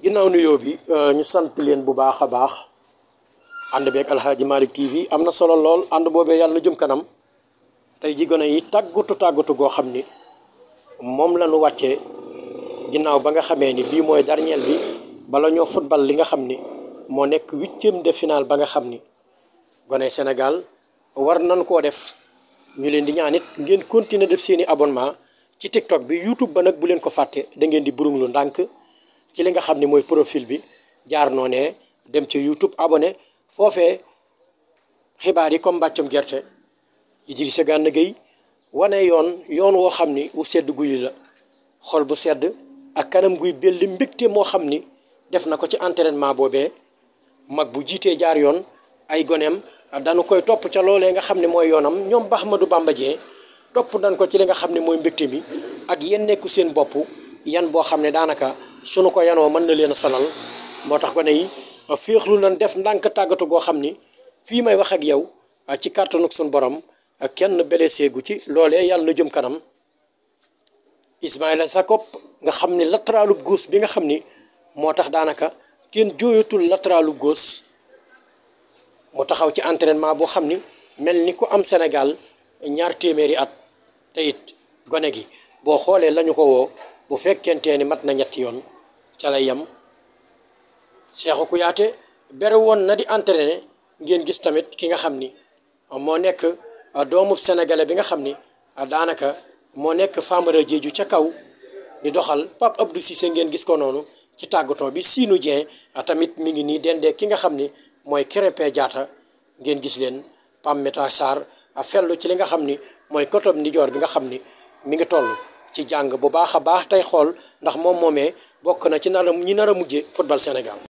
ginnaaw nuyoo bi euh, ñu sant leen bu baax a baax ànd beeg Aladji Malick TV am na solo lool ànd boobee yàlla na jëm kanam tey ji gone yi tàggatu tàggatu goo xam ni moom la ñu ginnaaw ba nga xamee ni bii mooy dernier bi bala ñoo football li nga xam ni moo nekk huitième de finale ba nga xam ni gone Sénégal war nañ koo def ñu leen di ñaan it ngeen continuer def seeni abonnement ci TikTok bi YouTube ba nag bu leen ko fàtte da ngeen di burung lu ndànk. ci li nga xam ne mooy profil bi jaar noo ne dem ci youtube abone foofee xibaar yi comme mbàccum gerte Idrissa Gana Gueye wane yoon yoon woo xam ni wu sedd guy la xol bu sedd ak kanam guy belli mbégte moo xam ni def na ko ci entraînement boobee mag bu jiitee jaar yoon ay goneem dañu koy topp ca loolee nga xam ne mooy yoonam ñoom ba ma du Dieng topp nañ ko ci li nga xam ne mooy mbégte mi ak yenn nekku seen bopp yan boo xam ne daanaka sunu ko yanoo mën na leen a sonal moo tax ba ne yi féexlu nañ def ndànk tàggatu goo xam ni fii may wax ak yow ci kàttanu ak sunu borom kenn blessé gu ci loole yàlla na jëm kanam Ismaïla Jakobs nga xam ni latéralu gauche bi nga xam ni moo tax daanaka kenn jooyatul latéralu gauche mu taxaw ci entraînement boo xam ni mel ni ku am Sénégal ñaar téeméeri at te gone gi boo xoolee lañu ko woo bu fekkente ni mat na ñetti yoon ca la yem Cheikhou Kouyaté bere woon na di entraîné ngeen gis tamit ki nga xam ni moo nekk euh, doomu sénégalais bi nga xam ni euh, daanaka moo nekk Famara Diédhiou ca kaw di doxal Pape Abdou Cissé ngeen gis ko noonu ci tàggatoo bi Sinou Dieng euh, tamit mi ngi nii dendee ki nga xam ni mooy Krépin jaata ngeen gis leen Pape Matar Sarr fellu ci li nga xam ni mooy kotob ndijoor bi nga xam ni mi ngi toll ci jàng bu baax a baax tey xool ndax moom moomee bokk na ci nar a ñi nar a mujje football Sénégal